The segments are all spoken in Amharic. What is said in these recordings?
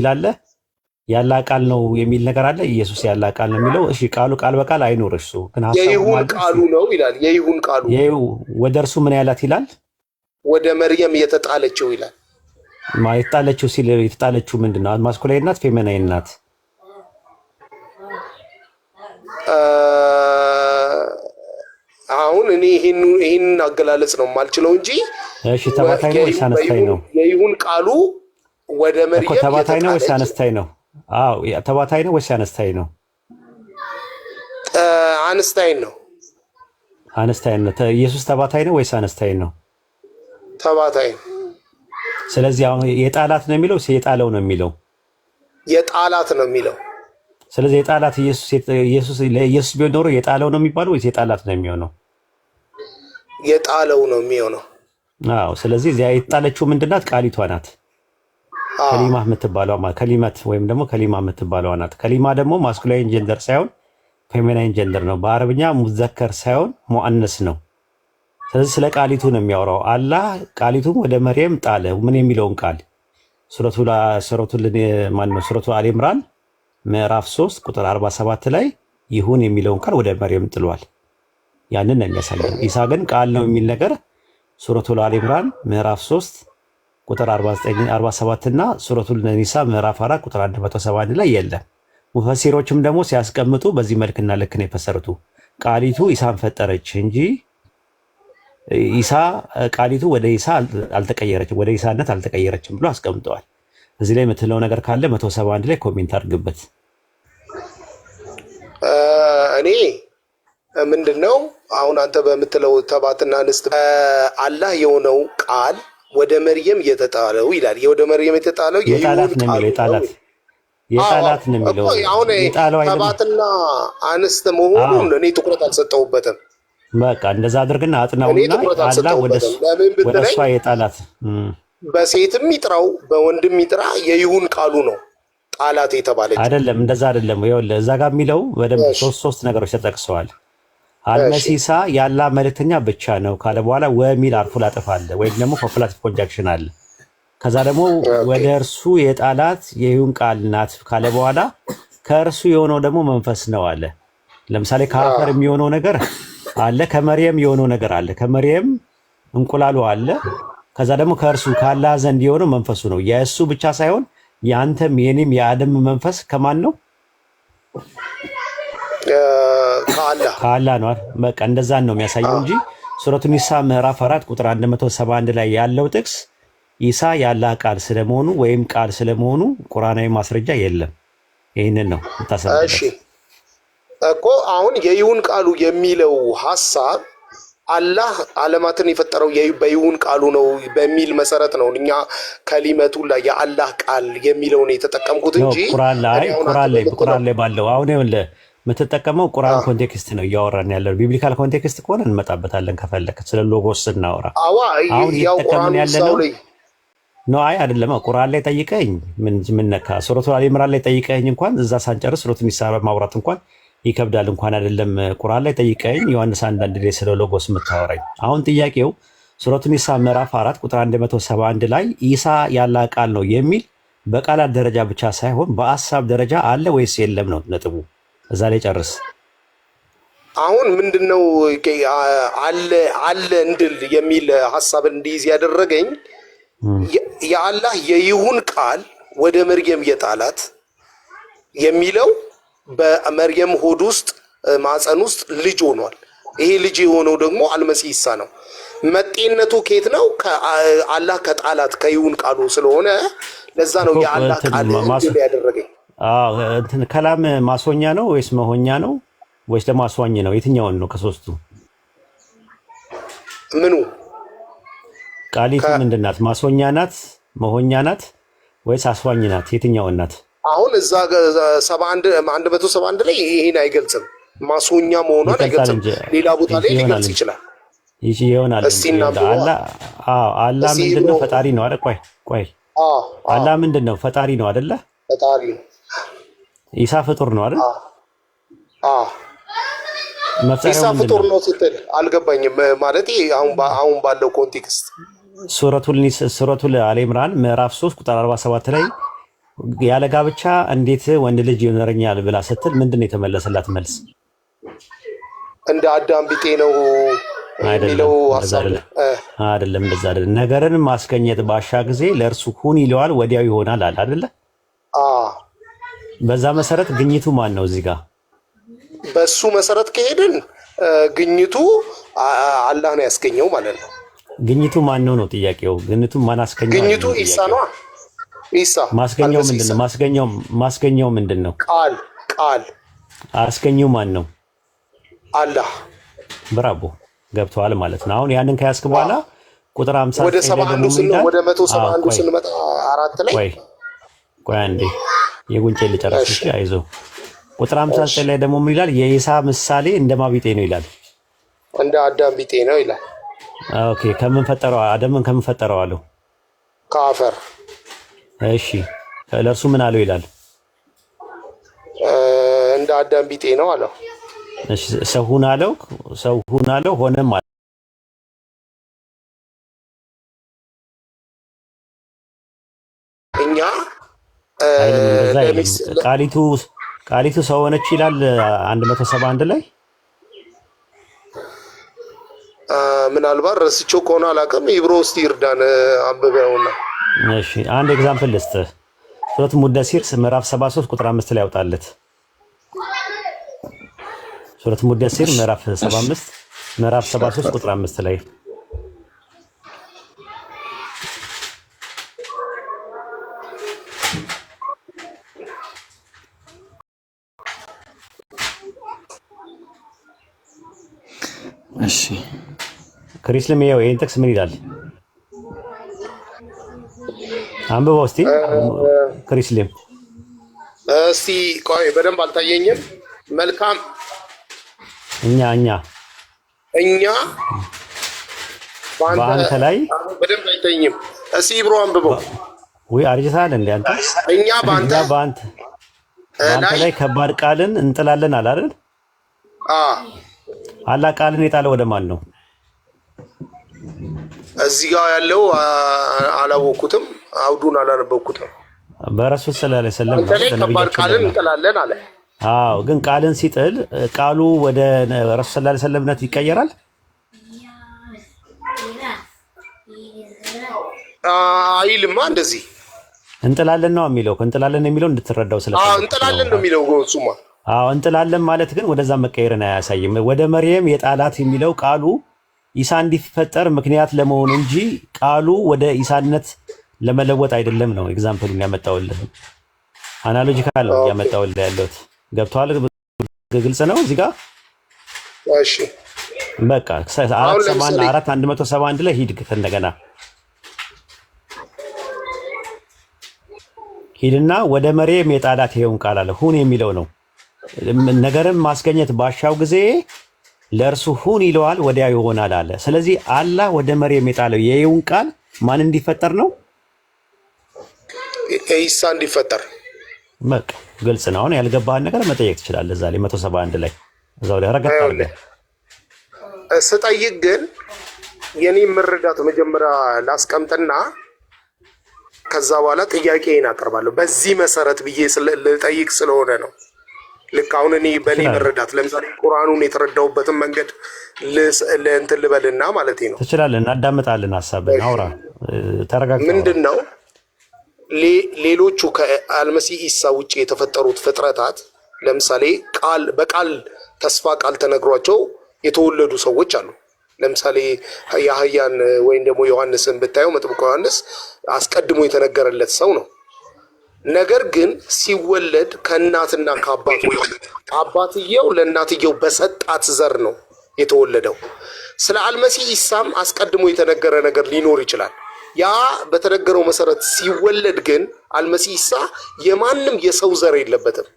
ይላለ ያላ ቃል ነው የሚል ነገር አለ። ኢየሱስ ያላ ቃል ነው የሚለው እሺ፣ ቃሉ ቃል በቃል አይኖር እሱ ግን የይሁን ቃሉ ነው ይላል። የይሁን ቃሉ ወደ እርሱ ምን ያላት ይላል። ወደ መርየም የተጣለችው ይላል። የተጣለችው ሲል የተጣለችው ምንድን ነው? ማስኩላይን ናት ፌመናይን ናት? አሁን እኔ ይህንን አገላለጽ ነው የማልችለው እንጂ እሺ፣ ተባታይ ነው ወይስ አነስታይ ነው? የይሁን ቃሉ ወደ መርየም ተባታይ ነው ወይስ አነስታይ ነው? አዎ ተባታይ ነው ወይስ አነስታይ ነው? አነስታይ ነው። አነስታይ ነው። ኢየሱስ ተባታይ ነው ወይስ አነስታይ ነው? ተባታይ ነው። ስለዚህ አሁን የጣላት ነው የሚለው የጣለው ነው የሚለው የጣላት ነው የሚለው ስለዚህ የጣላት ኢየሱስ ለኢየሱስ ቢሆን ኖሮ የጣለው ነው የሚባለው ወይስ የጣላት ነው የሚሆነው? የጣለው ነው የሚሆነው። አዎ ስለዚህ እዚያ የጣለችው ምንድናት? ናት? ቃሊቷ ናት። ከሊማ የምትባለው ከሊመት ወይም ደግሞ ከሊማ የምትባለዋ ናት። ከሊማ ደግሞ ማስኩላይን ጀንደር ሳይሆን ፌሚናይን ጀንደር ነው። በአረብኛ ሙዘከር ሳይሆን ሙአነስ ነው። ስለዚህ ስለ ቃሊቱ ነው የሚያወራው። አላህ ቃሊቱን ወደ መርየም ጣለ። ምን የሚለውን ቃል ሱረቱ አሊምራን ምዕራፍ 3 ቁጥር 47 ላይ ይሁን የሚለውን ቃል ወደ መርየም ጥሏል። ያንን ነው የሚያሳየው። ኢሳ ግን ቃል ነው የሚል ነገር ሱረቱ አል ምዕራፍ 3 ቁጥር 47 እና ሱረቱል ኒሳ ምዕራፍ 4 ቁጥር 171 ላይ የለም። ሙፈሲሮችም ደግሞ ሲያስቀምጡ በዚህ መልክና ልክ ነው የፈሰሩት። ቃሊቱ ኢሳን ፈጠረች እንጂ ኢሳ ቃሊቱ ወደ ኢሳ አልተቀየረችም፣ ወደ ኢሳነት አልተቀየረችም ብሎ አስቀምጠዋል። እዚህ ላይ የምትለው ነገር ካለ 171 ላይ ኮሜንት አድርግበት። እኔ ምንድን ነው አሁን አንተ በምትለው ተባትና ንስት አላህ የሆነው ቃል ወደ መርየም የተጣለው ይላል። ወደ መርየም የተጣለው የጣላት ነው የሚለው የጣላት የጣላት ነው የሚለው አሁን ተባትና አንስት መሆኑን እኔ ትኩረት አልሰጠሁበትም። በቃ እንደዛ አድርግና አጥናውና ወደ እሷ የጣላት በሴትም ይጥራው በወንድም ይጥራ የይሁን ቃሉ ነው ጣላት የተባለች አይደለም። እንደዛ አይደለም። ይኸውልህ እዛ ጋር የሚለው በደንብ ሶስት ሶስት ነገሮች ተጠቅሰዋል። አልመሲሳ ያላ መልእክተኛ ብቻ ነው ካለ በኋላ ወሚል አርፎ ላጥፍ አለ ወይም ደግሞ ኮፕላቲቭ ኮንጃንክሽን አለ። ከዛ ደግሞ ወደ እርሱ የጣላት የይሁን ቃል ናት ካለ በኋላ ከእርሱ የሆነው ደግሞ መንፈስ ነው አለ። ለምሳሌ ከአፈር የሚሆነው ነገር አለ፣ ከመርየም የሆነው ነገር አለ፣ ከመርየም እንቁላሉ አለ። ከዛ ደግሞ ከእርሱ ካላ ዘንድ የሆነው መንፈሱ ነው። የእሱ ብቻ ሳይሆን የአንተም የኔም የአደም መንፈስ ከማን ነው? ከአላህ ነው። በቃ እንደዛን ነው የሚያሳየው እንጂ ሱረቱ ኒሳ ምዕራፍ አራት ቁጥር 171 ላይ ያለው ጥቅስ ኢሳ የአላህ ቃል ስለመሆኑ ወይም ቃል ስለመሆኑ ቁርአናዊ ማስረጃ የለም። ይህንን ነው እሺ እኮ አሁን የይሁን ቃሉ የሚለው ሀሳብ አላህ ዓለማትን የፈጠረው በይሁን ቃሉ ነው በሚል መሰረት ነው። እኛ ከሊመቱ ላይ የአላህ ቃል የሚለው ነው የተጠቀምኩት እንጂ ቁርአን ላይ ቁርአን ላይ ቁርአን ላይ ባለው አሁን የምትጠቀመው ቁርአን ኮንቴክስት ነው እያወራን ያለ ቢብሊካል ኮንቴክስት ከሆነ እንመጣበታለን። ከፈለግ ስለ ሎጎስ ስናወራ አሁን እየተጠቀምን ያለ ነው ነው። አይ አይደለም፣ ቁርአን ላይ ጠይቀኝ ምን ነካ? ሱረቱ አሊ ኢምራን ላይ ጠይቀኝ እንኳን እዛ ሳንጨርስ ሱረቱ ኒሳ ማውራት እንኳን ይከብዳል። እንኳን አይደለም ቁርአን ላይ ጠይቀኝ ዮሐንስ አንዳንድ ላይ ስለ ሎጎስ የምታወራኝ አሁን ጥያቄው ሱረቱ ኒሳ ምዕራፍ አራት ቁጥር 171 ላይ ኢሳ ያላ ቃል ነው የሚል በቃላት ደረጃ ብቻ ሳይሆን በአሳብ ደረጃ አለ ወይስ የለም ነው ነጥቡ። እዛ ላይ ጨርስ። አሁን ምንድነው አለ አለ እንድል የሚል ሀሳብ እንዲይዝ ያደረገኝ የአላህ የይሁን ቃል ወደ መርየም የጣላት የሚለው በመርየም ሆድ ውስጥ ማፀን ውስጥ ልጅ ሆኗል። ይሄ ልጅ የሆነው ደግሞ አልመሲህ ኢሳ ነው። መጤነቱ ኬት ነው? አላህ ከጣላት ከይሁን ቃሉ ስለሆነ ለዛ ነው የአላህ ቃል ያደረገኝ። ከላም ማስወኛ ነው ወይስ መሆኛ ነው ወይስ ለማስዋኝ ነው? የትኛውን ነው ከሶስቱ? ምኑ ቃሊቱ ምንድን ናት? ማስወኛ ናት? መሆኛ ናት ወይስ አስዋኝ ናት? የትኛውን ናት? አሁን እዛ አንድ መቶ ሰባ አንድ ላይ ይህን አይገልጽም። ማስወኛ መሆኗን አይገልጽም። ሌላ ቦታ ላይ ሊገልጽ ይችላል ይሆናል። አላ ምንድን ነው? ፈጣሪ ነው አይደል? ቆይ ቆይ፣ አላ ምንድን ነው? ፈጣሪ ነው አደለ? ፈጣሪ ነው ኢሳ ፍጡር ነው አይደል? ኢሳ ፍጡር ነው ስትል አልገባኝም። ማለት አሁን ባለው ኮንቴክስት ሱረቱል አሊ ኢምራን ምዕራፍ 3 ቁጥር 47 ላይ ያለ ጋብቻ እንዴት ወንድ ልጅ ይኖረኛል ብላ ስትል ምንድን ነው የተመለሰላት መልስ? እንደ አዳም ቢጤ ነው የሚለው አይደለም። እንደዛ አይደለም። ነገርን ማስገኘት ባሻ ጊዜ ለእርሱ ሁን ይለዋል፣ ወዲያው ይሆናል አለ አይደለ? በዛ መሰረት ግኝቱ ማን ነው እዚህ ጋር? በሱ መሰረት ከሄድን ግኝቱ አላህ ነው ያስገኘው ማለት ነው። ግኝቱ ማን ነው ነው ጥያቄው። ግኝቱ ማን አስገኘው? ግኝቱ ኢሳ ነው። ኢሳ ማስገኘው ምንድን ነው? ማስገኘው ማስገኘው ምንድን ነው? ቃል ቃል አስገኘው ማን ነው? አላህ። ብራቦ ገብተዋል ማለት ነው። አሁን ያንን ከያዝክ በኋላ ቁጥር 50 ወደ 71 ስንመጣ አራት ላይ ቆይ አንዴ የጉንጭ ልጨረስ። እሺ አይዞ። ቁጥር 59 ላይ ደግሞ ምን ይላል? የኢሳ ምሳሌ እንደ ማን ነው ይላል? እንደ አዳም ቢጤ ነው ይላል። ኦኬ ከምን ፈጠረው? አዳምን ከምን ፈጠረው አለው? ከአፈር። እሺ ለእርሱ ምን አለው ይላል? እንደ አዳም ቢጤ ነው አለው። እሺ ሰው ሁን አለው። ሰው ሁን አለው ሆነም አለው። እኛ ቃሊቱ ቃሊቱ ሰው ሆነች ይላል። አንድ መቶ ሰባ አንድ ላይ ምናልባት ረስቼው ከሆነ አላውቅም። ኢብሮ ውስጥ ይርዳን አንብበውና። እሺ አንድ ኤግዛምፕል ልስጥ። ሱረት ሙደሲር ምዕራፍ 73 ቁጥር 5 ላይ ያውጣለት። ሱረት ሙደሲር ምዕራፍ 75 ምዕራፍ 73 ቁጥር 5 ላይ እሺ ክሪስልም ይኸው ይሄን ጥቅስ ምን ይላል? አንብበው እስቲ ክሪስ ለም እስቲ ቆይ በደንብ አልታየኝም። መልካም እኛ እኛ እኛ በአንተ ላይ በደንብ አይታየኝም። እስቲ ብሮ አንብበው። ወይ አርጅታል እንዴ አንተ? እኛ በአንተ በአንተ ላይ ከባድ ቃልን እንጥላለን አላል አይደል? አዎ አላህ ቃልን የጣለ ወደ ማን ነው? እዚህ ጋር ያለው አላወቅኩትም፣ አውዱን አላነበብኩትም። በረሱል ስለ ላ ስለም ከባድ ቃልን እንጥላለን አለ። አዎ፣ ግን ቃልን ሲጥል ቃሉ ወደ ረሱል ሰለላሁ ዐለይሂ ወሰለምነት ይቀየራል። አይልማ እንደዚህ እንጥላለን ነው የሚለው። እንጥላለን የሚለው እንድትረዳው ስለ እንጥላለን ነው የሚለው እሱማ አዎ እንጥላለን ማለት ግን ወደዛ መቀየርን አያሳይም። ወደ መርየም የጣላት የሚለው ቃሉ ኢሳ እንዲፈጠር ምክንያት ለመሆን እንጂ ቃሉ ወደ ኢሳነት ለመለወጥ አይደለም ነው ኤግዛምፕሉን ያመጣውልህ። አናሎጂካል ነው ያመጣውልህ ያለሁት። ገብቶሃል? ግልጽ ነው እዚህ ጋር እሺ። በቃ አንድ ላይ ሂድ እንደገና ሂድና ወደ መርየም የጣላት ይሄውን ቃል አለ ሁን የሚለው ነው ነገርን ማስገኘት ባሻው ጊዜ ለእርሱ ሁን ይለዋል፣ ወዲያ ይሆናል አለ። ስለዚህ አላህ ወደ መሪ የሚጣለው የይውን ቃል ማን እንዲፈጠር ነው? ኢሳ እንዲፈጠር። በቃ ግልጽ ነው። አሁን ያልገባህን ነገር መጠየቅ ትችላለህ። እዛ ላይ አንድ ላይ እዛው ላይ ረጋጣ ስጠይቅ ግን የኔ መረዳት መጀመሪያ ላስቀምጥና ከዛ በኋላ ጥያቄ ይናቀርባለሁ። በዚህ መሰረት ብዬ ልጠይቅ ስለሆነ ነው። ልክ አሁን እኔ በእኔ መረዳት ለምሳሌ ቁርአኑን የተረዳውበትን መንገድ እንትን ልበልና ማለት ነው። ትችላለን፣ እናዳምጣለን። ሀሳብን አውራ ተረጋግጠህ። ምንድን ነው ሌሎቹ ከአልመሲ ኢሳ ውጭ የተፈጠሩት ፍጥረታት ለምሳሌ ቃል በቃል ተስፋ ቃል ተነግሯቸው የተወለዱ ሰዎች አሉ። ለምሳሌ የአህያን ወይም ደግሞ ዮሐንስን ብታየው መጥምቁ ዮሐንስ አስቀድሞ የተነገረለት ሰው ነው። ነገር ግን ሲወለድ ከእናትና ከአባት አባትየው ለእናትየው በሰጣት ዘር ነው የተወለደው። ስለ አልመሲህ ኢሳም አስቀድሞ የተነገረ ነገር ሊኖር ይችላል። ያ በተነገረው መሰረት ሲወለድ ግን አልመሲህ ኢሳ የማንም የሰው ዘር የለበትም።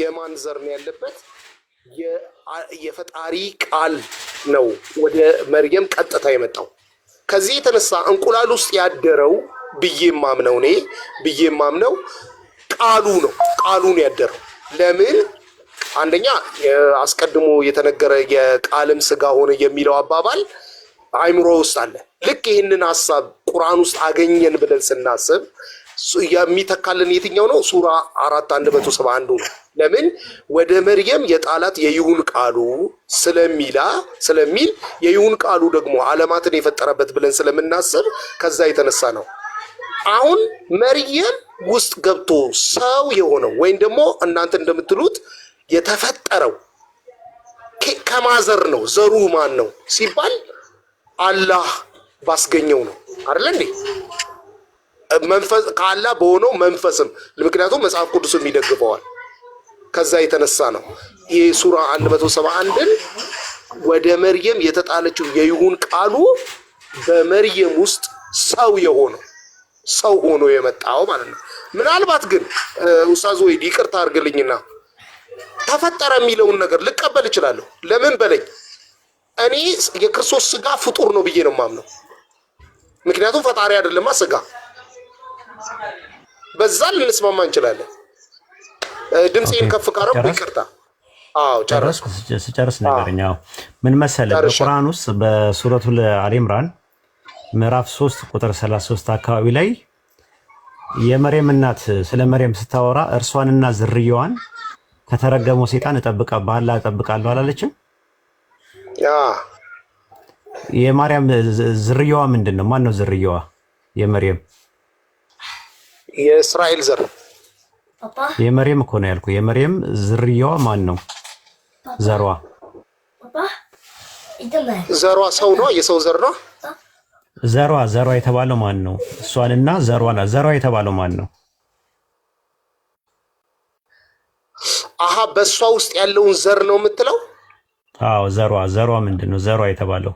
የማን ዘር ነው ያለበት? የፈጣሪ ቃል ነው ወደ መርየም ቀጥታ የመጣው። ከዚህ የተነሳ እንቁላል ውስጥ ያደረው ብዬ የማምነው እኔ ብዬ የማምነው ቃሉ ነው። ቃሉን ያደረው። ለምን አንደኛ አስቀድሞ የተነገረ የቃልም ስጋ ሆነ የሚለው አባባል አይምሮ ውስጥ አለ። ልክ ይህንን ሀሳብ ቁርአን ውስጥ አገኘን ብለን ስናስብ የሚተካልን የትኛው ነው? ሱራ አራት አንድ መቶ ሰባ አንዱ ነው። ለምን ወደ መርየም የጣላት የይሁን ቃሉ ስለሚላ ስለሚል የይሁን ቃሉ ደግሞ አለማትን የፈጠረበት ብለን ስለምናስብ ከዛ የተነሳ ነው። አሁን መርየም ውስጥ ገብቶ ሰው የሆነው ወይም ደግሞ እናንተ እንደምትሉት የተፈጠረው ከማዘር ነው። ዘሩ ማን ነው ሲባል አላህ ባስገኘው ነው አይደለ እንዴ? መንፈስ ከአላህ በሆነው መንፈስም ምክንያቱም መጽሐፍ ቅዱስም ይደግፈዋል። ከዛ የተነሳ ነው ይሄ ሱራ 171ን ወደ መርየም የተጣለችው የይሁን ቃሉ በመርየም ውስጥ ሰው የሆነው ሰው ሆኖ የመጣው ማለት ነው። ምናልባት ግን ኡስታዝ ወይ ይቅርታ አድርግልኝና ተፈጠረ የሚለውን ነገር ልቀበል እችላለሁ። ለምን በለኝ እኔ የክርስቶስ ስጋ ፍጡር ነው ብዬ ነው የማምነው። ምክንያቱም ፈጣሪ አይደለማ ስጋ። በዛ ልንስማማ እንችላለን። ድምፄን ከፍ ካረኩ ይቅርታ። አዎ ጨረስኩ። ስጨርስ ነገርኛው ምን መሰለህ በቁርአን ውስጥ በሱረቱል አል ኢምራን ምዕራፍ 3 ቁጥር 33 አካባቢ ላይ የመርየም እናት ስለ መርየም ስታወራ እርሷንና ዝርያዋን ከተረገመው ሴጣን እጠብቃ ባላ እጠብቃለሁ አላለችም? የማርያም ዝርያዋ ምንድን ነው? ማን ነው ዝርያዋ? የመርየም የእስራኤል ዘር የመርየም እኮ ነው ያልኩ። የመርየም ዝርያዋ ማን ነው? ዘሯ ዘሯ ሰው ነው። የሰው ዘር ነው። ዘሯ ዘሯ የተባለው ማን ነው? እሷንና ዘሯ ዘሯ የተባለው ማን ነው? አሀ በእሷ ውስጥ ያለውን ዘር ነው የምትለው? አዎ ዘሯ ዘሯ ምንድን ነው? ዘሯ የተባለው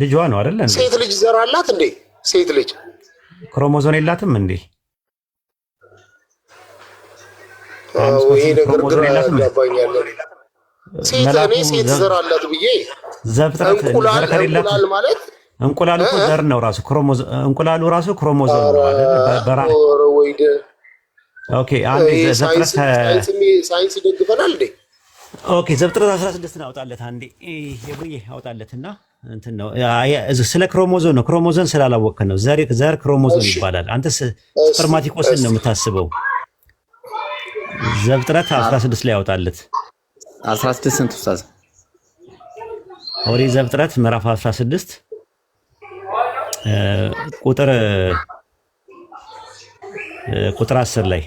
ልጇ ነው አደለ? ሴት ልጅ ዘሯ አላት እንዴ? ሴት ልጅ ክሮሞዞን የላትም እንዴ? ሴት ዘር አላት ብዬ እንቁላል ከሌላት ማለት እንቁላሉ እኮ ዘር ነው ራሱ እንቁላሉ ራሱ ክሮሞዞም ነው አይደል? በራ ኦኬ አንዴ ዘፍጥረት ሳይንስ ደግፈናል እንዴ? ኦኬ ዘፍጥረት 16 ነው አውጣለት፣ አንዴ የብዬ አውጣለትና እንትን ነው ስለ ክሮሞዞን ነው። ክሮሞዞን ስላላወቅህ ነው። ዘር ዘር ክሮሞዞን ይባላል። አንተ ስፐርማቲኮስን ነው የምታስበው። ዘፍጥረት 16 ላይ አውጣለት። 16 ስንት ኡስታዝ? ኦሪት ዘፍጥረት ምዕራፍ 16 ቁጥር ቁጥር አስር ላይ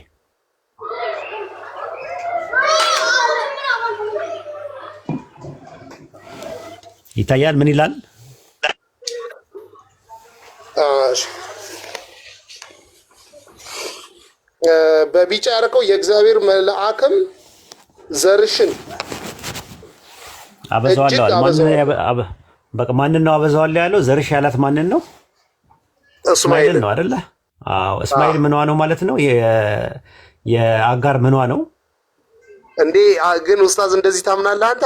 ይታያል። ምን ይላል? በቢጫ ያደረገው የእግዚአብሔር መልአክም ዘርሽን አበዛዋለሁ። ማንን ነው አበዛዋለሁ ያለው? ዘርሽ ያላት ማንን ነው? እስማኤል ነው አደለ? አዎ እስማኤል ምኗ ነው ማለት ነው። የአጋር ምኗ ነው እንዴ? ግን ኡስታዝ እንደዚህ ታምናለህ አንተ?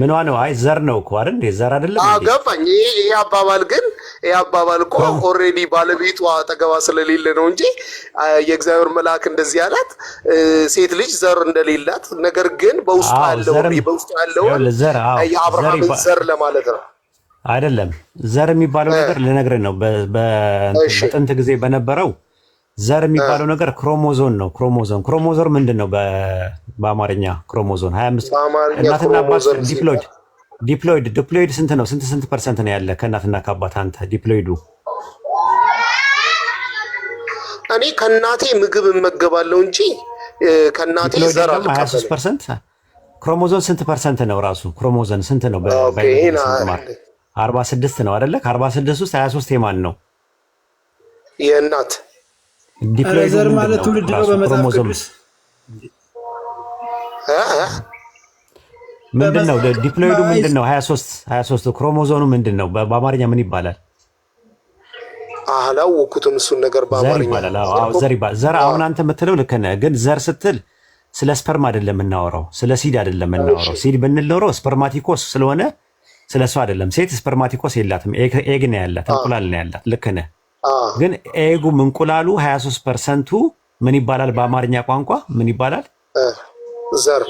ምኗ ነው? አይ ዘር ነው እኮ አይደል? ዘር አይደለም። አዎ ገባኝ። ይሄ አባባል ግን ይሄ አባባል እኮ ኦልሬዲ ባለቤቷ አጠገባ ስለሌለ ነው እንጂ የእግዚአብሔር መልአክ እንደዚህ አላት፣ ሴት ልጅ ዘር እንደሌላት ነገር ግን በውስጡ ያለውን በውስጡ ያለውን የአብርሃምን ዘር ለማለት ነው። አይደለም ዘር የሚባለው ነገር ልነግርህ ነው። በጥንት ጊዜ በነበረው ዘር የሚባለው ነገር ክሮሞዞን ነው። ክሮሞዞን ክሮሞዞን ምንድን ነው? በአማርኛ ክሮሞዞን 25 እናትና አባት ዲፕሎይድ ዲፕሎይድ ዲፕሎይድ ስንት ነው? ስንት ስንት ፐርሰንት ነው ያለ ከእናትና ከአባት አንተ ዲፕሎይዱ? እኔ ከእናቴ ምግብ እመገባለሁ እንጂ ከእናቴ ዘር ፐርሰንት ክሮሞዞን ስንት ፐርሰንት ነው? ራሱ ክሮሞዞን ስንት ነው? አርባ ስድስት ነው አደለ? ከአርባ ስድስት ውስጥ ሀያ ሶስት የማን ነው? የእናት ዘር ማለት ትውልድ ነው በመጽሐፍ ምንድን ነው? ዲፕሎይዱ ምንድን ነው? ሀያ ሶስት ሀያ ሶስት ክሮሞዞኑ ምንድን ነው? በአማርኛ ምን ይባላል? አላወኩትም እሱን ነገር በአማርኛ ዘር። አሁን አንተ የምትለው ልክ ነህ፣ ግን ዘር ስትል ስለ ስፐርም አይደለም የምናወራው፣ ስለ ሲድ አይደለም የምናወራው። ሲድ ብንል ኖሮ ስፐርማቲኮስ ስለሆነ ስለ እሱ አይደለም። ሴት ስፐርማቲኮስ የላትም፣ ኤግ ነው ያላት፣ እንቁላል ነው ያላት። ልክ ነህ። ግን ኤጉም እንቁላሉ 23 ፐርሰንቱ ምን ይባላል? በአማርኛ ቋንቋ ምን ይባላል? ዘር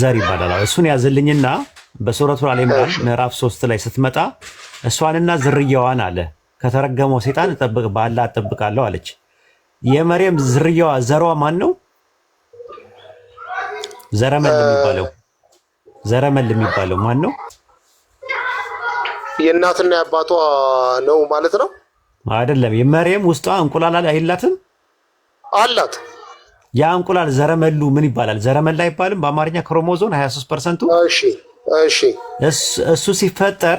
ዘር ይባላል። እሱን ያዝልኝና በሱረቱ አል ኢምራን ምዕራፍ ሶስት ላይ ስትመጣ እሷንና ዝርያዋን አለ ከተረገመው ሴጣን እጠብቅ ባላ እጠብቃለሁ አለች። የመርየም ዝርያዋ ዘሯ ማን ነው? ዘረመል የሚባለው ዘረመል የሚባለው ማን ነው? የእናትና የአባቷ ነው ማለት ነው አይደለም? የመርየም ውስጧ እንቁላል አይላትም? አላት። ያ እንቁላል ዘረመሉ ምን ይባላል? ዘረመል አይባልም በአማርኛ ክሮሞዞን 23 ፐርሰንቱ። እሺ፣ እሺ። እሱ ሲፈጠር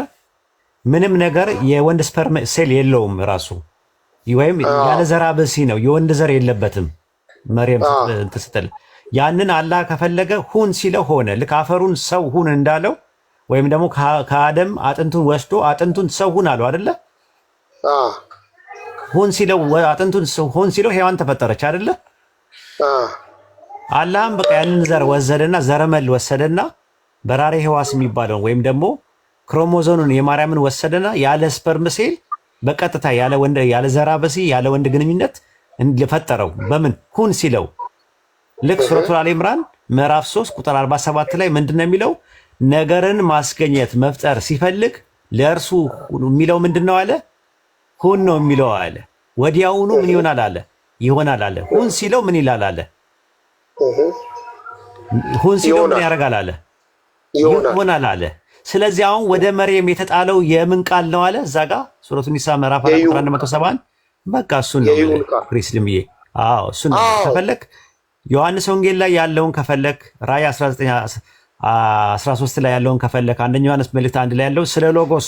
ምንም ነገር የወንድ ስፐርም ሴል የለውም ራሱ ወይም ያለ ዘር አበሲ ነው። የወንድ ዘር የለበትም። መርየም ስትል ያንን አላህ ከፈለገ ሁን ሲለው ሆነ። ልክ አፈሩን ሰው ሁን እንዳለው ወይም ደግሞ ከአደም አጥንቱን ወስዶ አጥንቱን ሰው ሁን አለው አደለ? ሁን ሲለው አጥንቱን ሁን ሲለው ሔዋን ተፈጠረች አደለ? አላህም በቃ ያንን ዘር ወሰደና ዘረመል ወሰደና በራሬ ህዋስ የሚባለውን ወይም ደግሞ ክሮሞዞኑን የማርያምን ወሰደና ያለ ስፐርም ሴል በቀጥታ ያለ ወንድ ያለ ዘር ያለ ወንድ ግንኙነት ፈጠረው። በምን ሁን ሲለው ልክ ሱረቱል አሊ ኢምራን ምዕራፍ 3 ቁጥር 47 ላይ ምንድን ነው የሚለው? ነገርን ማስገኘት መፍጠር ሲፈልግ ለእርሱ የሚለው ምንድን ነው አለ? ሁን ነው የሚለው አለ። ወዲያውኑ ምን ይሆናል አለ? ይሆናል አለ። ሁን ሲለው ምን ይላል አለ? ሁን ሲለው ምን ያደርጋል አለ? ይሆናል አለ። ስለዚህ አሁን ወደ መርየም የተጣለው የምን ቃል ነው አለ? እዛ ጋ ሱረቱ ኒሳ ምዕራፍ 171 በቃ እሱን ነው ክሪስልምዬ። አዎ እሱን ነው ከፈለክ ዮሐንስ ወንጌል ላይ ያለውን ከፈለክ ራእይ 19 13 ላይ ያለውን ከፈለክ አንደኛ ዮሐንስ መልእክት አንድ ላይ ያለው ስለ ሎጎስ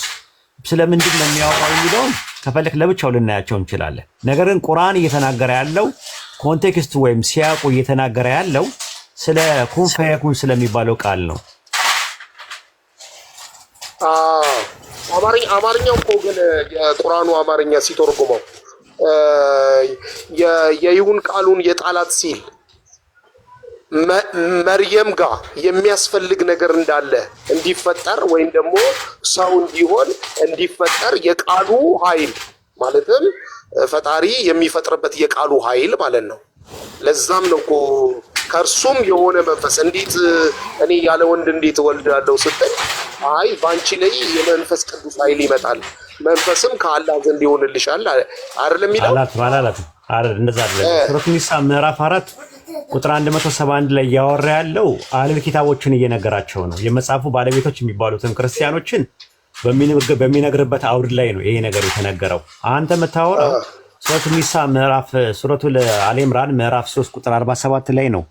ስለምንድን ነው የሚያወራው የሚለውን ከፈለክ ለብቻው ልናያቸው እንችላለን። ነገር ግን ቁርአን እየተናገረ ያለው ኮንቴክስት ወይም ሲያቁ እየተናገረ ያለው ስለ ኩን ፈየኩን ስለሚባለው ቃል ነው። አማርኛው እኮ ግን የቁርአኑ አማርኛ ሲተረጉመው የይሁን ቃሉን የጣላት ሲል መርየም ጋር የሚያስፈልግ ነገር እንዳለ እንዲፈጠር ወይም ደግሞ ሰው እንዲሆን እንዲፈጠር የቃሉ ኃይል ማለትም ፈጣሪ የሚፈጥርበት የቃሉ ኃይል ማለት ነው። ለዛም ነው እኮ ከእርሱም የሆነ መንፈስ እንዴት እኔ ያለ ወንድ እንዴት እወልዳለሁ ስትል፣ አይ በአንቺ ላይ የመንፈስ ቅዱስ ኃይል ይመጣል፣ መንፈስም ከአላህ ዘንድ ይሆንልሻል አይደለም ይላል። አላት ባላላት አላት። እንደዛ አይደለም ሱረቱ ኒሳ ምዕራፍ አራት ቁጥር 171 ላይ እያወራ ያለው አህለል ኪታቦችን እየነገራቸው ነው። የመጽሐፉ ባለቤቶች የሚባሉትን ክርስቲያኖችን በሚነግርበት አውድ ላይ ነው ይሄ ነገር የተነገረው። አንተ የምታወራው ሱረቱ ኒሳ ምዕራፍ ሱረቱ ለአሌምራን ምዕራፍ 3 ቁጥር 47 ላይ ነው።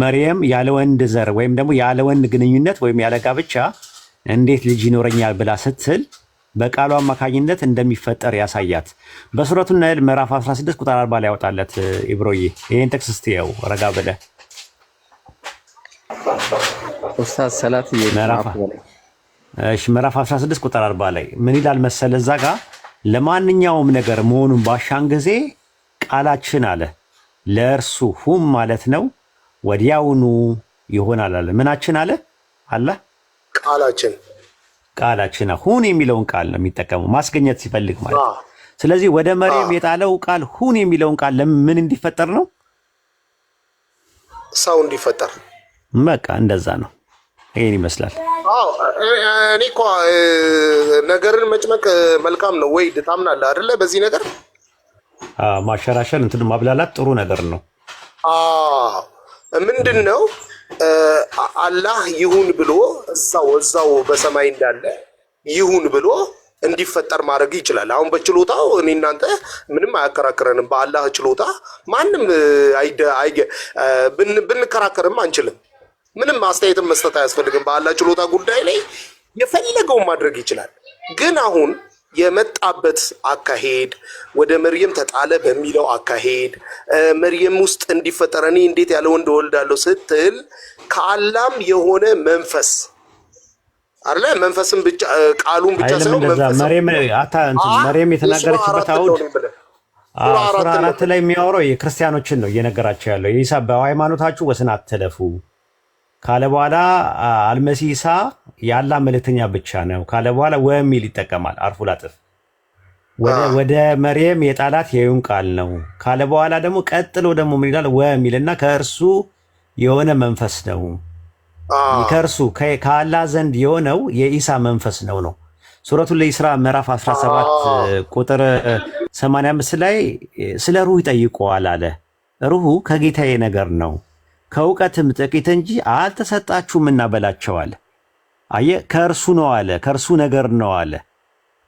መርየም ያለ ወንድ ዘር ወይም ደግሞ ያለ ወንድ ግንኙነት ወይም ያለ ጋብቻ እንዴት ልጅ ይኖረኛል ብላ ስትል በቃሉ አማካኝነት እንደሚፈጠር ያሳያት። በሱረቱ ናይል ምዕራፍ 16 ቁጥር 40 ላይ ያወጣለት። ኢብሮዬ ይህን ቴክስት ስትየው ረጋ ብለህ ሰላት ምዕራፍ 16 ቁጥር 40 ላይ ምን ይላል መሰለ? እዛ ጋ ለማንኛውም ነገር መሆኑን ባሻን ጊዜ ቃላችን አለ ለእርሱ ሁም ማለት ነው ወዲያውኑ ይሆናል አለ። ምናችን አለ አላህ ቃላችን ቃላችን ሁን የሚለውን ቃል ነው የሚጠቀመው ማስገኘት ሲፈልግ ማለት ነው። ስለዚህ ወደ መሬም የጣለው ቃል ሁን የሚለውን ቃል ለምን እንዲፈጠር ነው? ሰው እንዲፈጠር በቃ እንደዛ ነው። ይሄን ይመስላል። እኔ እኮ ነገርን መጭመቅ መልካም ነው ወይ ታምናለህ አደለ? በዚህ ነገር ማሸራሸር እንትን ማብላላት ጥሩ ነገር ነው። ምንድን ነው አላህ ይሁን ብሎ እዛው እዛው በሰማይ እንዳለ ይሁን ብሎ እንዲፈጠር ማድረግ ይችላል። አሁን በችሎታው እኔ እናንተ ምንም አያከራክረንም። በአላህ ችሎታ ማንም ብንከራከርም አንችልም። ምንም አስተያየትን መስጠት አያስፈልግም። በአላህ ችሎታ ጉዳይ ላይ የፈለገውን ማድረግ ይችላል። ግን አሁን የመጣበት አካሄድ ወደ መርየም ተጣለ በሚለው አካሄድ መርየም ውስጥ እንዲፈጠረ እኔ እንዴት ያለ ወንድ ወልዳለሁ ስትል ከአላም የሆነ መንፈስ አለ መንፈስም ብቻ ቃሉን ብቻ ሳይሆን መርየም የተናገረችበት አውድ ሱራ አራት ላይ የሚያወራው የክርስቲያኖችን ነው እየነገራቸው ያለው የኢሳ በሃይማኖታችሁ ወስን አትለፉ ካለ በኋላ አልመሲሳ ያላ መልእክተኛ ብቻ ነው ካለ በኋላ ወሚል ይጠቀማል። አርፉ ላጥፍ ወደ መርየም የጣላት የዩን ቃል ነው ካለ በኋላ ደግሞ ቀጥሎ ደግሞ ምን ይላል? ወሚል እና ከእርሱ የሆነ መንፈስ ነው። ከእርሱ ከአላ ዘንድ የሆነው የኢሳ መንፈስ ነው ነው ሱረቱ ለኢስራ ምዕራፍ 17 ቁጥር 85 ላይ ስለ ሩህ ይጠይቀዋል አለ። ሩሁ ከጌታዬ ነገር ነው ከእውቀትም ጥቂት እንጂ አልተሰጣችሁምና በላቸው አለ። አየህ ከእርሱ ነው አለ። ከእርሱ ነገር ነው አለ።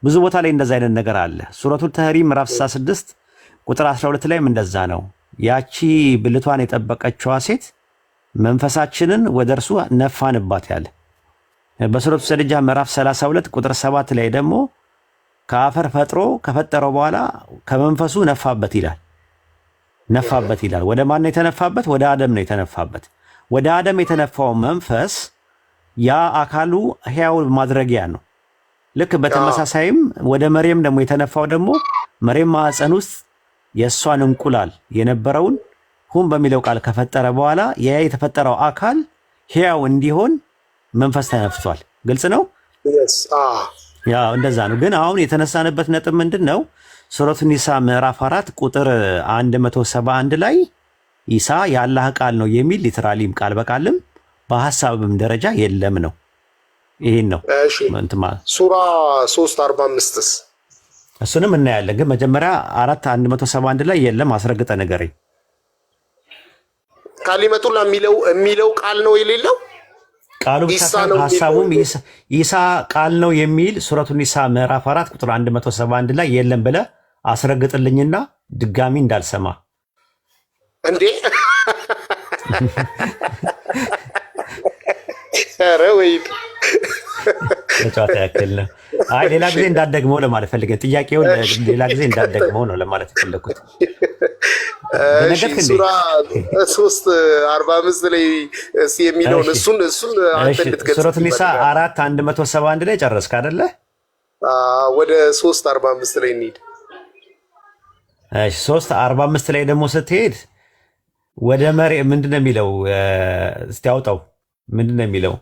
ብዙ ቦታ ላይ እንደዛ አይነት ነገር አለ። ሱረቱል ተህሪም ምዕራፍ 66 ቁጥር 12 ላይም እንደዛ ነው። ያቺ ብልቷን የጠበቀችዋ ሴት መንፈሳችንን ወደ እርሱ ነፋንባት ያለ። በሱረቱ ሰድጃ ምዕራፍ 32 ቁጥር 7 ላይ ደግሞ ከአፈር ፈጥሮ ከፈጠረው በኋላ ከመንፈሱ ነፋበት ይላል። ነፋበት ይላል። ወደ ማን ነው የተነፋበት? ወደ አደም ነው የተነፋበት። ወደ አደም የተነፋው መንፈስ ያ አካሉ ሕያው ማድረጊያ ነው። ልክ በተመሳሳይም ወደ መሬም ደግሞ የተነፋው ደግሞ መሬም ማዕፀን ውስጥ የእሷን እንቁላል የነበረውን ሁን በሚለው ቃል ከፈጠረ በኋላ ያ የተፈጠረው አካል ሕያው እንዲሆን መንፈስ ተነፍቷል። ግልጽ ነው። ያ እንደዛ ነው። ግን አሁን የተነሳንበት ነጥብ ምንድን ነው? ሱረቱ ኒሳ ምዕራፍ 4 ቁጥር 171 ላይ ኢሳ የአላህ ቃል ነው የሚል ሊትራሊም ቃል በቃልም በሐሳብም ደረጃ የለም ነው። ይህን ነው ሱራ 345 እሱንም እናያለን። ግን መጀመሪያ 4 171 ላይ የለም አስረግጠ ንገረኝ። ካሊመቱላ የሚለው ቃል ነው የሌለው ቃሉ ሀሳቡም ኢሳ ቃል ነው የሚል ሱረቱ ኒሳ ምዕራፍ 4 ቁጥር 171 ላይ የለም ብለህ አስረግጥልኝና ድጋሚ እንዳልሰማ እንዴ? ኧረ ወይ ለጨዋታ ያክል ነው። አይ ሌላ ጊዜ እንዳትደግመው ለማለት ፈልጌ ጥያቄውን ሌላ ጊዜ እንዳደግመው ነው ለማለት የፈለግኩት። ሱራ ሶስት አርባ አምስት ላይ የሚለውን እሱን እሱን አንተ ኒሳ አራት አንድ መቶ ሰባ አንድ ላይ ጨረስክ አደለ? ወደ ሶስት አርባ አምስት ላይ እንሂድ ሶስት አርባ አምስት ላይ ደግሞ ስትሄድ ወደ መሬ ምንድን ነው የሚለው? እስቲ አውጣው። ምንድን ነው የሚለው?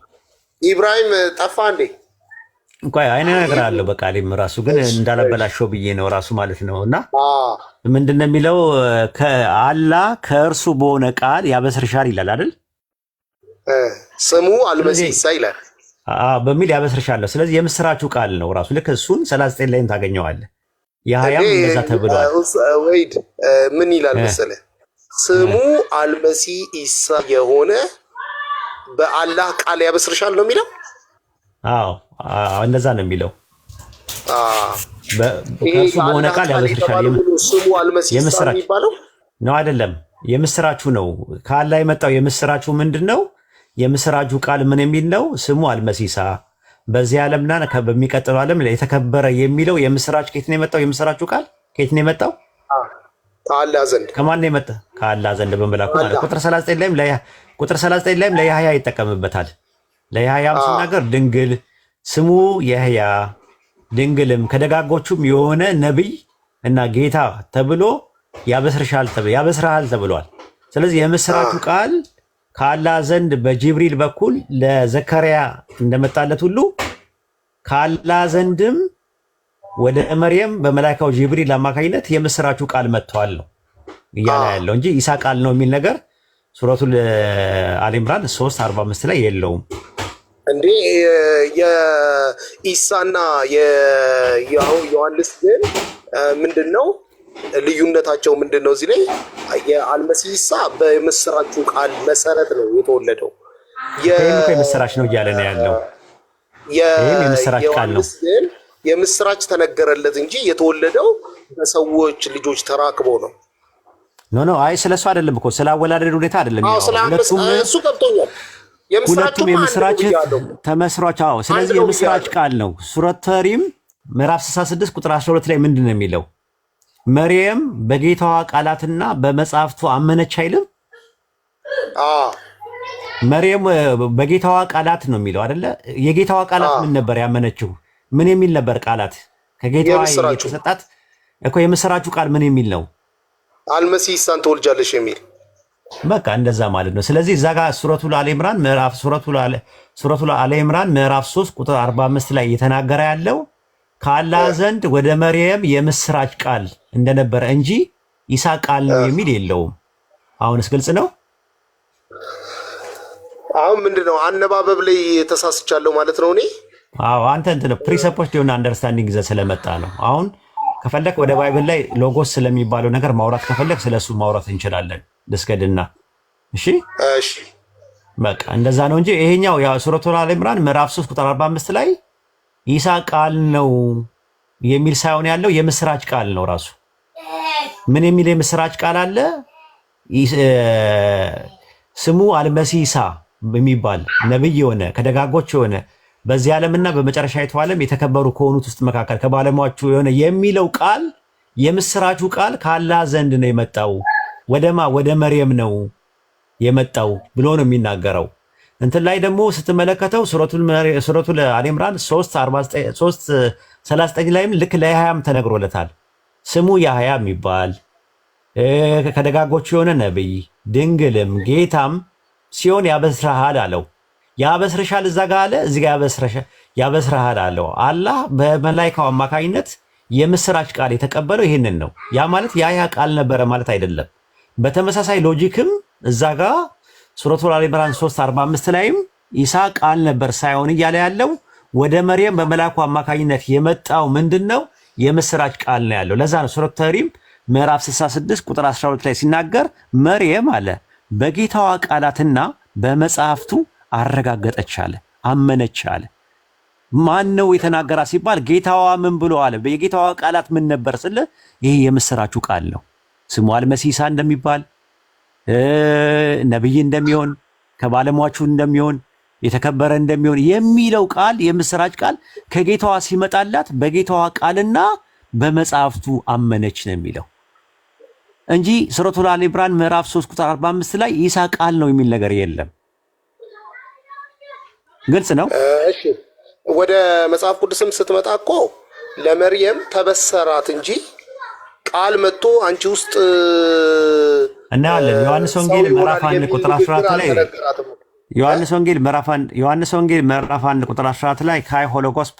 ኢብራሂም ጠፋ እንዴ? እንኳ አይነ ነገር አለው በቃሌም ራሱ ግን እንዳለበላሸው ብዬ ነው ራሱ ማለት ነው። እና ምንድን ነው የሚለው? አላ ከእርሱ በሆነ ቃል ያበስርሻል ይላል አይደል? ስሙ አልመሲሳ ይላል በሚል ያበስርሻለሁ። ስለዚህ የምስራቹ ቃል ነው ራሱ ልክ እሱን ሰላሳ ዘጠኝ ላይም ታገኘዋለህ የሀያም እንደዛ ተብሏል። ምን ይላል መሰለ ስሙ አልመሲ ኢሳ የሆነ በአላህ ቃል ያበስርሻል ነው የሚለው። አዎ እንደዛ ነው የሚለው። ከእሱ በሆነ ቃል ያበስርሻል። ስሙ አልመሲ የሚባለው ነው አይደለም። የምስራቹ ነው ከአላህ የመጣው የምስራቹ ምንድን ነው? የምስራቹ ቃል ምን የሚል ነው? ስሙ አልመሲሳ በዚህ ዓለምና በሚቀጥለው ዓለም የተከበረ የሚለው የምስራች ከየት ነው የመጣው? የምስራቹ ቃል ከየት ነው የመጣው? ከአላ ዘንድ። ከማን ነው የመጣ? ከአላ ዘንድ በመላኩ ቁጥር 39 ላይም ቁጥር 39 ለያህያ ይጠቀምበታል። ለያህያም ሲናገር ድንግል ስሙ የህያ ድንግልም ከደጋጎቹም የሆነ ነቢይ እና ጌታ ተብሎ ያበስርሃል ተብሏል። ስለዚህ የምስራቹ ቃል ከአላህ ዘንድ በጅብሪል በኩል ለዘከሪያ እንደመጣለት ሁሉ ካላ ዘንድም ወደ መርየም በመላካው ጅብሪል አማካኝነት የምስራቹ ቃል መጥቷል ነው እያለ ያለው እንጂ ኢሳ ቃል ነው የሚል ነገር ሱረቱ አል ኢምራን 345 ላይ የለውም። እንዴ የኢሳና ዮሐንስ ግን ምንድን ነው ልዩነታቸው? ምንድን ነው? እዚህ ላይ የአልመሲህ ኢሳ በምስራቹ ቃል መሰረት ነው የተወለደው። የምስራች ነው እያለ ነው ያለው የዮሐንስ ግን የምስራች ተነገረለት እንጂ የተወለደው በሰዎች ልጆች ተራክቦ ነው። ኖ ኖ፣ አይ ስለሱ አይደለም እኮ ስለ አወላደድ ሁኔታ አይደለም። እሱ ገብቶኛል። ሁለቱም የምስራች ተመስሯች። አዎ፣ ስለዚህ የምስራች ቃል ነው። ሱረተሪም ምዕራፍ 66 ቁጥር 12 ላይ ምንድን ነው የሚለው? መርየም በጌታዋ ቃላትና በመጽሐፍቱ አመነች አይልም? መርየም በጌታዋ ቃላት ነው የሚለው አደለ የጌታዋ ቃላት ምን ነበር ያመነችው? ምን የሚል ነበር ቃላት? ከጌታዋ የተሰጣት እኮ የምስራቹ ቃል ምን የሚል ነው? አልመሲ ኢሳን ትወልጃለሽ የሚል በቃ እንደዛ ማለት ነው። ስለዚህ እዛ ጋር ሱረቱ አለ ኢምራን ምዕራፍ ሱረቱል አለ ኢምራን ምዕራፍ 3 ቁጥር 45 ላይ እየተናገረ ያለው ከአላህ ዘንድ ወደ መርየም የምስራች ቃል እንደነበረ እንጂ ኢሳ ቃል ነው የሚል የለውም። አሁንስ ግልጽ ነው። አሁን ምንድን ነው አነባበብ ላይ ተሳስቻለሁ ማለት ነው እኔ። አዎ አንተ እንትን ፕሪሰፖች የሆነ አንደርስታንዲንግ ይዘህ ስለመጣ ነው። አሁን ከፈለክ ወደ ባይብል ላይ ሎጎስ ስለሚባለው ነገር ማውራት ከፈለክ ስለሱ ማውራት እንችላለን። ልስገድና እሺ፣ እሺ በቃ እንደዛ ነው እንጂ ይሄኛው ሱረቱል አል ኢምራን ምዕራፍ 3 ቁጥር 45 ላይ ኢሳ ቃል ነው የሚል ሳይሆን ያለው የምስራች ቃል ነው ራሱ። ምን የሚል የምስራች ቃል አለ? ስሙ አልመሲሳ የሚባል ነብይ የሆነ ከደጋጎች የሆነ በዚህ ዓለምና በመጨረሻ የተው ዓለም የተከበሩ ከሆኑት ውስጥ መካከል ከባለሟቹ የሆነ የሚለው ቃል የምስራቹ ቃል ካላ ዘንድ ነው የመጣው ወደማ ወደ መርየም ነው የመጣው ብሎ ነው የሚናገረው። እንትን ላይ ደግሞ ስትመለከተው ሱረቱል አሊ ኢምራን 339 ላይም ልክ ለያህያም ተነግሮለታል። ስሙ ያህያ የሚባል ከደጋጎቹ የሆነ ነብይ ድንግልም ጌታም ሲሆን ያበስረሃል አለው። ያበስረሻል እዛ ጋ አለ፣ እዚ ጋ ያበስረሃል አለው። አላህ በመላይካው አማካኝነት የምስራች ቃል የተቀበለው ይህንን ነው። ያ ማለት ያ ያ ቃል ነበረ ማለት አይደለም። በተመሳሳይ ሎጂክም እዛ ጋ ሱረቱ አሊ ኢምራን 345 ላይም ኢሳ ቃል ነበር ሳይሆን እያለ ያለው ወደ መርየም በመላኩ አማካኝነት የመጣው ምንድን ነው? የምስራች ቃል ነው ያለው። ለዛ ነው ሱረቱ ተሪም ምዕራፍ 66 ቁጥር 12 ላይ ሲናገር መርየም አለ በጌታዋ ቃላትና በመጽሐፍቱ አረጋገጠች አለ፣ አመነች አለ። ማን ነው የተናገራ ሲባል ጌታዋ ምን ብሎ አለ? የጌታዋ ቃላት ምን ነበር ስለ ይሄ የምስራቹ ቃል ነው። ስሙ አልመሲሳ እንደሚባል ነቢይ እንደሚሆን ከባለሟቹ እንደሚሆን የተከበረ እንደሚሆን የሚለው ቃል የምስራች ቃል ከጌታዋ ሲመጣላት በጌታዋ ቃልና በመጽሐፍቱ አመነች ነው የሚለው። እንጂ ሱረቱል አሊ ኢምራን ምዕራፍ 3 ቁጥር 45 ላይ ኢሳ ቃል ነው የሚል ነገር የለም። ግልጽ ነው። እሺ ወደ መጽሐፍ ቅዱስም ስትመጣ እኮ ለመርየም ተበሰራት እንጂ ቃል መጥቶ አንቺ ውስጥ እናያለን። ዮሐንስ ወንጌል ምዕራፍ 1 ቁጥር 14 ላይ ዮሐንስ ወንጌል ምዕራፍ 1 ዮሐንስ ወንጌል ምዕራፍ 1 ቁጥር 14 ላይ ካይ ሆሎጎስ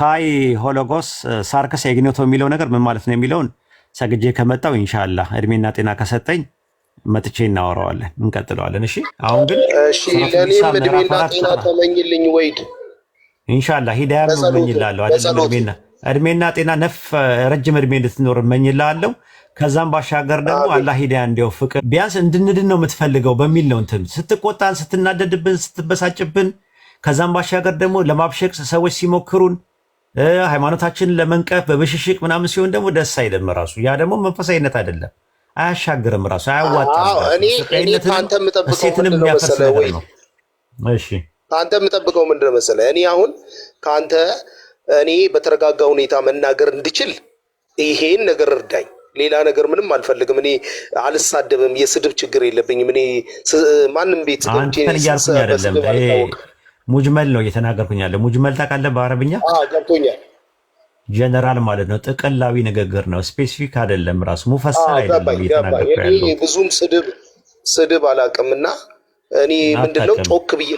ካይ ሆሎጎስ ሳርከስ ኤግኖቶ የሚለው ነገር ምን ማለት ነው የሚለውን ሰግጄ ከመጣው እንሻላ እድሜና ጤና ከሰጠኝ መጥቼ እናወራዋለን፣ እንቀጥለዋለን። እሺ አሁን ግን ለእኔም እድሜና ጤና ተመኝልኝ ወይድ እንሻላ ሂዳያ መኝላለሁ። እድሜና ጤና ነፍ ረጅም እድሜ እንድትኖር መኝላለሁ። ከዛም ባሻገር ደግሞ አላህ ሂዳያ እንዲያው ፍቅር ቢያንስ እንድንድን ነው የምትፈልገው በሚል ነው እንትን ስትቆጣን፣ ስትናደድብን፣ ስትበሳጭብን ከዛም ባሻገር ደግሞ ለማብሸቅ ሰዎች ሲሞክሩን ሃይማኖታችን ለመንቀፍ በብሽሽቅ ምናምን ሲሆን ደግሞ ደስ አይልም። ራሱ ያ ደግሞ መንፈሳዊነት አይደለም፣ አያሻግርም፣ ራሱ አያዋጣምሴትንም ከአንተ የምጠብቀው ምንድን መሰለህ? እኔ አሁን ከአንተ እኔ በተረጋጋ ሁኔታ መናገር እንድችል ይሄን ነገር እርዳኝ። ሌላ ነገር ምንም አልፈልግም። እኔ አልሳደብም፣ የስድብ ችግር የለብኝም። እኔ ማንም ቤት ስድብ ሙጅመል ነው እየተናገርኩኝ ያለ። ሙጅመል ታውቃለህ? በአረብኛ ጀነራል ማለት ነው። ጥቅላዊ ንግግር ነው። ስፔሲፊክ አይደለም። ራሱ ሙፈሰል አይደለም እየተናገርኩ ያለው። ብዙም ስድብ ስድብ አላውቅምና እኔ ምንድነው ጮክ ብዬ